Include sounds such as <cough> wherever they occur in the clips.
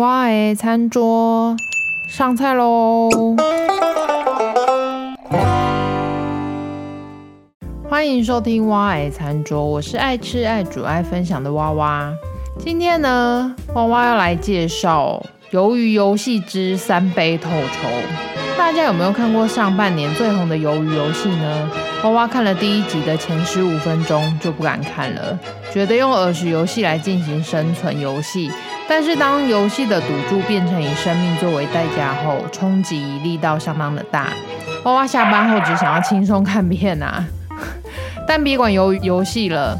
蛙餐桌上菜嘍！歡迎收聽蛙餐桌，我是愛吃愛煮愛分享的蛙蛙。今天呢，蛙蛙要來介紹《魷魚遊戲》之三杯透抽大家有沒有看過上半年最紅的魷魚遊戲呢？蛙蛙看了第一集的前十五分鐘就不敢看了，覺得用兒時遊戲來進行生存遊戲，但是當遊戲的賭注變成以生命作為代價後，衝擊力道相當的大。蛙蛙下班後只想要輕鬆看片啊，但別管魷魚遊戲了，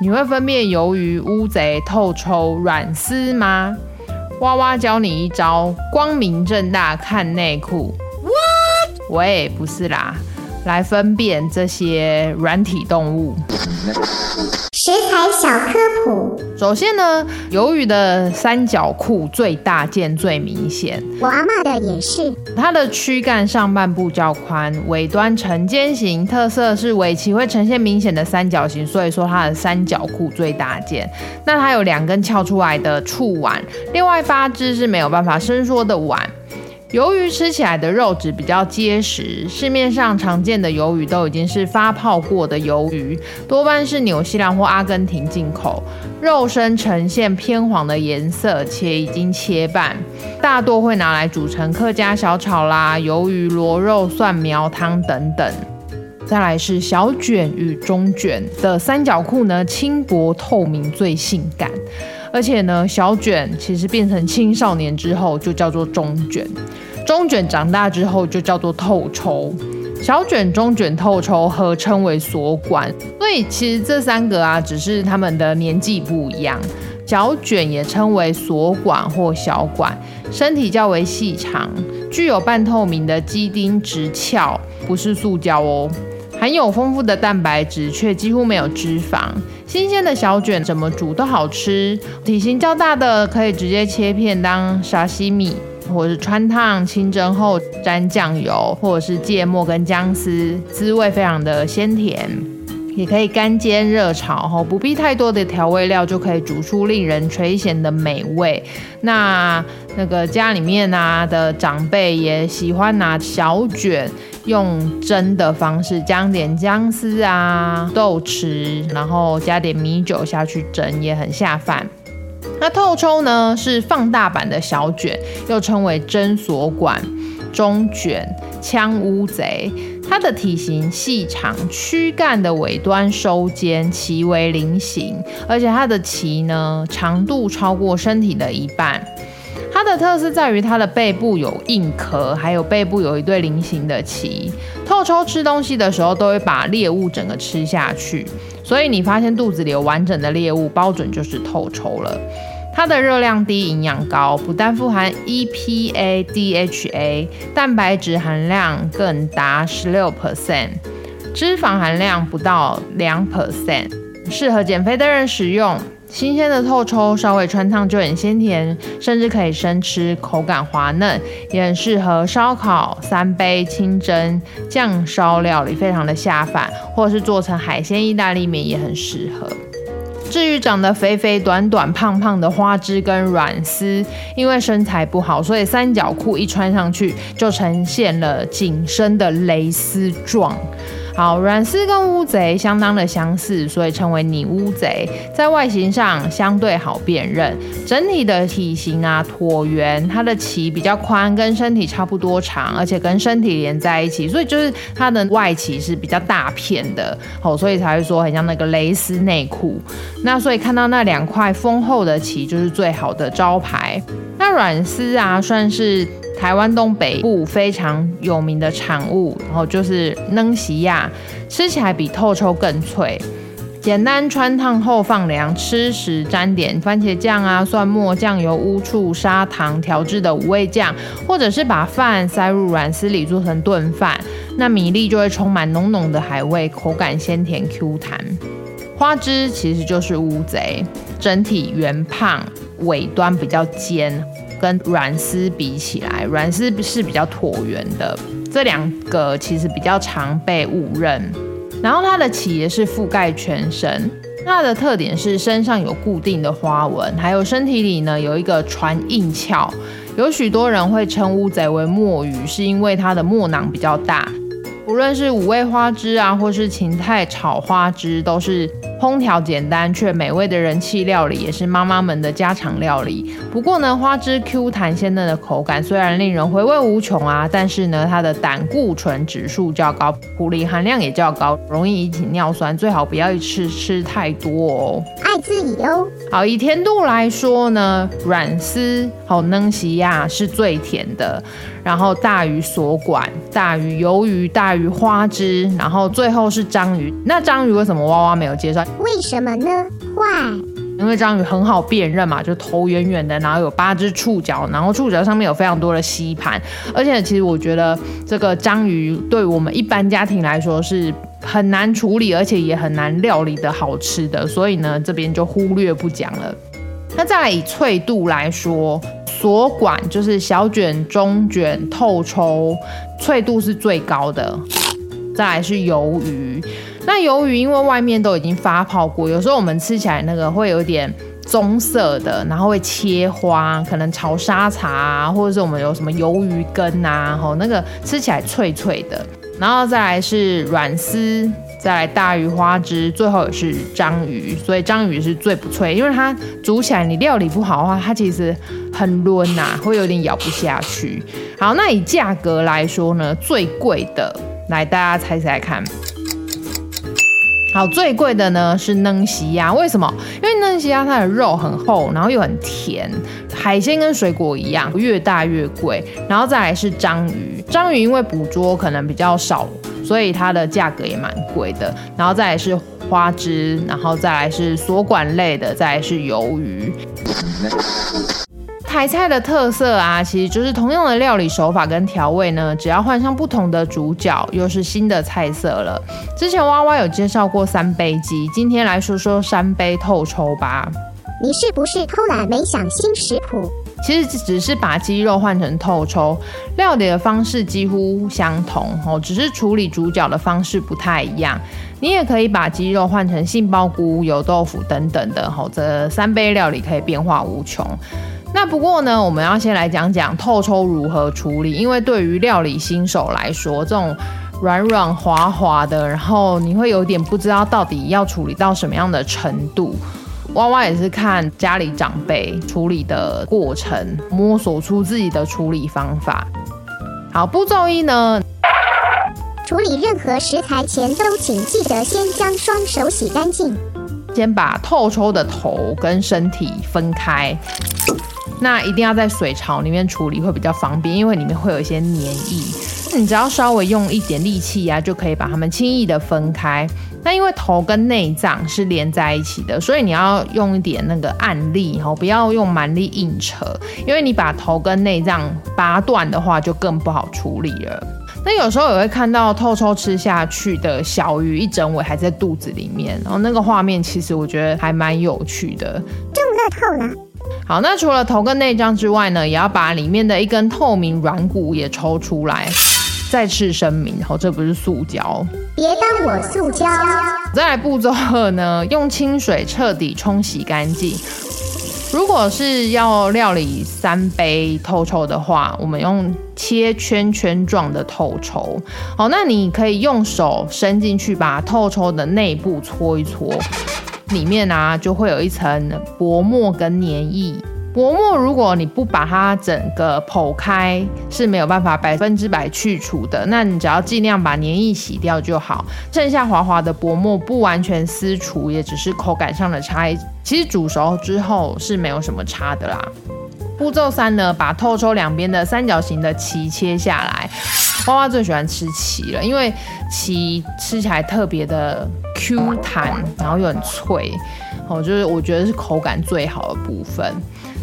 你會分辨魷魚、烏賊、透抽、軟絲嗎？蛙蛙教你一招，光明正大看內褲。喂，不是啦，來分辨這些軟體動物。食材小科普。首先呢，魷魚的三角褲最大件，最明顯，我阿媽的也是。它的軀幹上半部較寬，尾端呈尖形，特色是尾鰭會呈現明顯的三角形，所以說它的三角褲最大件。那它有兩根翹出來的觸腕，另外八隻是沒有辦法伸縮的腕。魷魚吃起來的肉質比較結實，市面上常見的魷魚都已經是發泡過的魷魚，多半是紐西蘭或阿根廷進口，肉身呈現偏黃的顏色，且已經切半，大多會拿來煮成客家小炒啦、魷魚螺肉蒜苗湯等等。再來是小卷與中卷的三角褲呢，輕薄透明最性感。而且呢，小卷其實變成青少年之後就叫做中卷，中卷長大之後就叫做透抽，小卷、中卷、透抽合稱為鎖管。所以其實這三個啊，只是他們的年紀不一樣。小卷也稱為鎖管或小管，身體較為細長，具有半透明的幾丁質直鞘，不是塑膠哦。含有豐富的蛋白質，卻幾乎沒有脂肪。新鮮的小卷怎麼煮都好吃。體型較大的可以直接切片當沙西米，或者是汆燙、清蒸後沾醬油，或者是芥末跟薑絲，滋味非常的鮮甜。也可以乾煎、熱炒，吼，不必太多的調味料，就可以煮出令人垂涎的美味。那那個家裡面啊的長輩也喜歡拿小卷。用蒸的方式，加點薑絲啊、豆豉，然後加點米酒下去蒸，也很下飯。那透抽呢，是放大版的小卷，又稱為真鎖管、中卷、槍烏賊。它的體型細長，軀幹的尾端收尖，鰭為菱形，而且它的鰭呢，長度超過身體的一半。它的特色在於它的背部有硬殼，還有背部有一對菱形的鰭。透抽吃東西的時候都會把獵物整個吃下去，所以你發現肚子裡有完整的獵物，包準就是透抽了。它的熱量低，營養高，不但富含 EPA、DHA，蛋白質含量更達16%，脂肪含量不到2%，適合減肥的人食用。新鮮的透抽稍微汆燙就很鮮甜，甚至可以生吃，口感滑嫩，也很適合燒烤、三杯、清蒸、醬燒料理，非常的下飯，或是做成海鮮意大利面也很適合。至於長得肥肥、短短短、胖胖的花枝跟軟絲，因為身材不好，所以三角褲一穿上去就呈現了緊身的蕾絲狀。好，軟絲跟烏賊相當的相似，所以稱為擬烏賊，在外形上相對好辨認，整體的體型啊，橢圓，它的鰭比較寬，跟身體差不多長，而且跟身體連在一起，所以就是它的外鰭是比較大片的，好，所以才會說很像那個蕾絲內褲。那所以看到那兩塊豐厚的鰭，就是最好的招牌。那軟絲啊，算是台灣東北部非常有名的產物，然後就是軟絲仔，吃起來比透抽更脆。簡單汆燙後放涼，吃時沾點番茄醬啊、蒜末、醬油、烏醋、砂糖調製的五味醬，或者是把飯塞入軟絲裡做成燉飯，那米粒就會充滿濃濃的海味，口感鮮甜 Q 彈。花枝其實就是烏賊，整體圓胖，尾端比較尖。跟軟絲比起來，軟絲是比較橢圓的，這兩個其實比較常被誤認。然後它的鰭也是覆蓋全身，它的特點是身上有固定的花紋，還有身體裡呢有一個船硬殼。有許多人會稱烏賊為墨魚，是因為它的墨囊比較大。不論是五味花枝啊，或是芹菜炒花枝，都是。烹調簡單卻美味的人氣料理，也是媽媽們的家常料理。不過呢，花枝 Q 彈鮮嫩的口感雖然令人回味無窮啊，但是呢，它的膽固醇指數較高，嘌呤含量也較高，容易引起尿酸，最好不要一吃，吃太多哦。愛自己哦。好，以甜度來說呢，軟絲、好嫩西亞、啊、是最甜的，然後大於鎖管，大於魷魚，大於花枝，然後最後是章魚。那章魚為什麼蛙蛙沒有介紹？為什麼呢？哇因為章魚很好辨認嘛，就頭圓圓的，然後有八隻觸角，然後觸角上面有非常多的吸盤。而且其實我覺得這個章魚對我們一般家庭來說是很難處理，而且也很難料理的好吃的，所以呢，這邊就忽略不講了。那再來以脆度來說，鎖管就是小卷、中卷、透抽，脆度是最高的。再來是魷魚，那魷魚因為外面都已經發泡過，有時候我們吃起來那個會有點棕色的，然後會切花，可能炒沙茶啊，或者是我們有什麼魷魚根啊，然後那個吃起來脆脆的。然後再來是軟絲，再來大魚花枝，最後也是章魚。所以章魚是最不脆，因為它煮起來你料理不好的話，它其實很嫩吶啊，會有點咬不下去。好，那以價格來說呢，最貴的來，大家猜猜看。好，最貴的呢是軟絲仔，為什麼？因為軟絲仔它的肉很厚，然後又很甜。海鮮跟水果一樣，越大越貴。然後再來是章魚，章魚因為捕捉可能比較少，所以它的價格也蠻貴的。然後再來是花枝，然後再來是鎖管類的，再來是魷魚。 <laughs> 台菜的特色啊，其實就是同樣的料理手法跟調味呢，只要換上不同的主角，又是新的菜色了。之前蛙蛙有介紹過三杯雞，今天來說說三杯透抽吧。你是不是偷懶沒想新食譜？其實只是把雞肉換成透抽，料理的方式幾乎相同，只是處理主角的方式不太一樣。你也可以把雞肉換成杏鮑菇、油豆腐等等的，吼，這三杯料理可以變化無窮。那不過呢，我們要先來講講透抽如何處理，因為對於料理新手來說，這種軟軟滑滑的，然後你會有點不知道到底要處理到什麼樣的程度。蛙蛙也是看家裡長輩處理的過程，摸索出自己的處理方法。好，步驟一呢，處理任何食材前都請記得先將雙手洗乾淨。先把透抽的頭跟身體分開。那一定要在水槽裡面處理會比較方便，因為裡面會有一些黏液，那你只要稍微用一點力氣呀、啊，就可以把它們輕易的分開。那因為頭跟內臟是連在一起的，所以你要用一點那個按力哦、喔，不要用蠻力硬扯，因為你把頭跟內臟拔斷的話，就更不好處理了。那有時候也會看到透抽吃下去的小魚一整尾還在肚子裡面，然後那個畫面其實我覺得還蠻有趣的，麼大透了。好，那除了頭跟內臟之外呢，也要把裡面的一根透明軟骨也抽出來。再次聲明，好，這不是塑膠，別當我塑膠。再來步驟二呢，用清水徹底沖洗乾淨。如果是要料理三杯透抽的話，我們用切圈圈狀的透抽。好，那你可以用手伸進去，把透抽的內部搓一搓。裡面啊，就會有一層薄膜跟粘液。薄膜如果你不把它整個剖開，是沒有辦法百分之百去除的。那你只要盡量把粘液洗掉就好，剩下滑滑的薄膜不完全撕除，也只是口感上的差異。其實煮熟之後是沒有什麼差的啦。步驟三呢，把透抽兩邊的三角形的鰭切下來。蛙蛙最喜歡吃鰭了，因為鰭吃起來特別的 Q 彈，然後又很脆，哦，就是我覺得是口感最好的部分。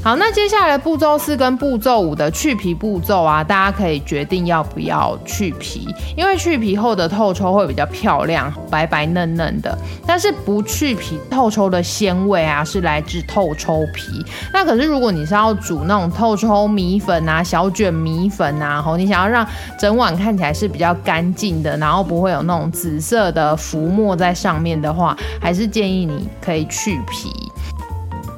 好，那接下來步驟四跟步驟五的去皮步驟啊，大家可以決定要不要去皮，因為去皮後的透抽會比較漂亮，白白嫩嫩的。但是不去皮透抽的鮮味啊，是來自透抽皮。那可是如果你是要煮那種透抽米粉啊、小卷米粉啊，吼，你想要讓整碗看起來是比較乾淨的，然後不會有那種紫色的浮沫在上面的話，還是建議你可以去皮。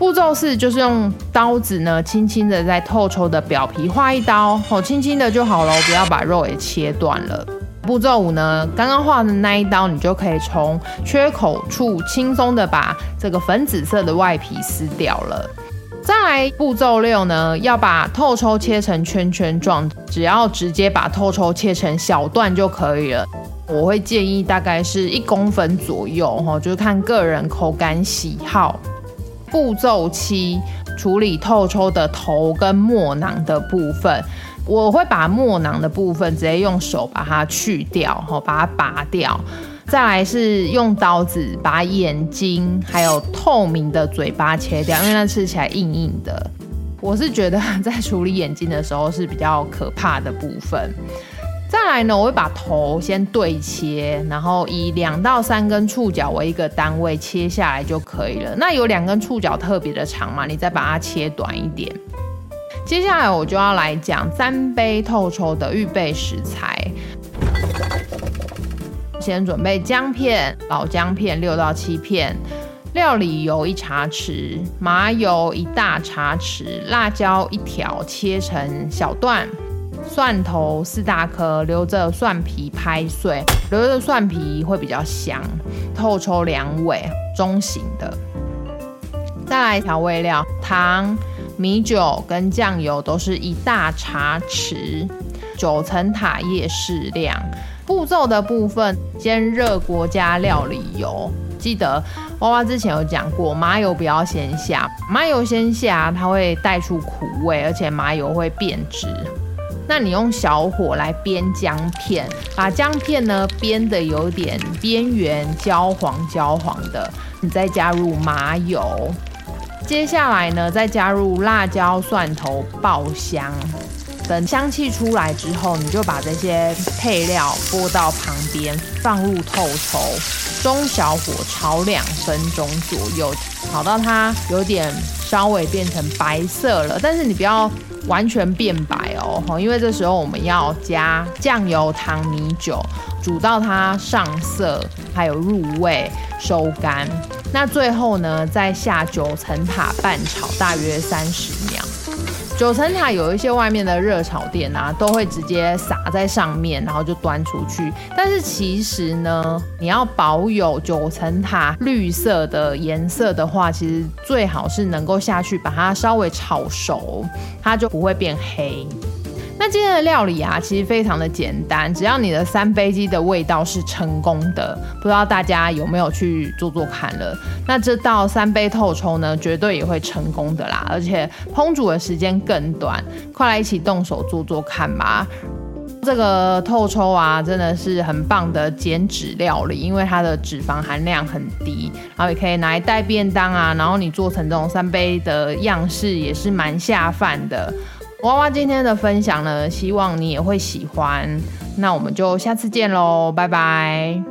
步驟四就是用刀子呢，輕輕的在透抽的表皮劃一刀，好，哦，輕輕的就好了，不要把肉也切斷了。步驟五呢，剛剛劃的那一刀，你就可以從缺口處輕鬆的把這個粉紫色的外皮撕掉了。再來步驟六呢，要把透抽切成圈圈狀，只要直接把透抽切成小段就可以了。我會建議大概是一公分左右，哦，就是看個人口感喜好。步驟七，處理透抽的頭跟墨囊的部分，我會把墨囊的部分直接用手把它去掉，把它拔掉。再來是用刀子把眼睛還有透明的嘴巴切掉，因為它吃起來硬硬的。我是覺得在處理眼睛的時候是比較可怕的部分。再來呢，我會把頭先對切，然後以兩到三根觸角為一個單位切下來就可以了。那有兩根觸角特別的長嘛，你再把它切短一點。接下來我就要來講三杯透抽的預備食材，先準備薑片，老薑片六到七片，料理油一茶匙，麻油一大茶匙，辣椒一條切成小段。蒜頭四大顆，留着蒜皮拍碎，留着蒜皮會比較香。透抽兩尾，中型的。再來調味料，糖、米酒跟醬油都是一大茶匙，九層塔葉適量。步驟的部分，煎熱鍋加料理油，記得蛙蛙之前有講過，麻油不要先下，麻油先下它會帶出苦味，而且麻油會變質。那你用小火來煸薑片，把薑片呢煸得有點邊緣焦黃焦黃的，你再加入麻油，接下來呢再加入辣椒、蒜頭爆香。等香氣出來之後，你就把這些配料撥到旁邊，放入透抽，中小火炒兩分鐘左右，炒到它有點稍微變成白色了，但是你不要完全變白哦、喔，因為這時候我們要加醬油、糖、米酒，煮到它上色，還有入味、收乾。那最後呢，再下九層塔拌炒，大約三十秒。九層塔有一些外面的熱炒店啊，都會直接撒在上面，然後就端出去。但是其實呢，你要保有九層塔綠色的顏色的話，其實最好是能夠下去把它稍微炒熟，它就不會變黑。那今天的料理啊，其實非常的簡單，只要你的三杯雞的味道是成功的，不知道大家有沒有去做做看了？那這道三杯透抽呢，絕對也會成功的啦，而且烹煮的時間更短，快來一起動手做做看吧！這個透抽啊，真的是很棒的減脂料理，因為它的脂肪含量很低，然後也可以拿來帶便當啊，然後你做成這種三杯的樣式，也是蠻下飯的。蛙蛙今天的分享呢，希望你也會喜歡。那我們就下次見嘍，拜拜。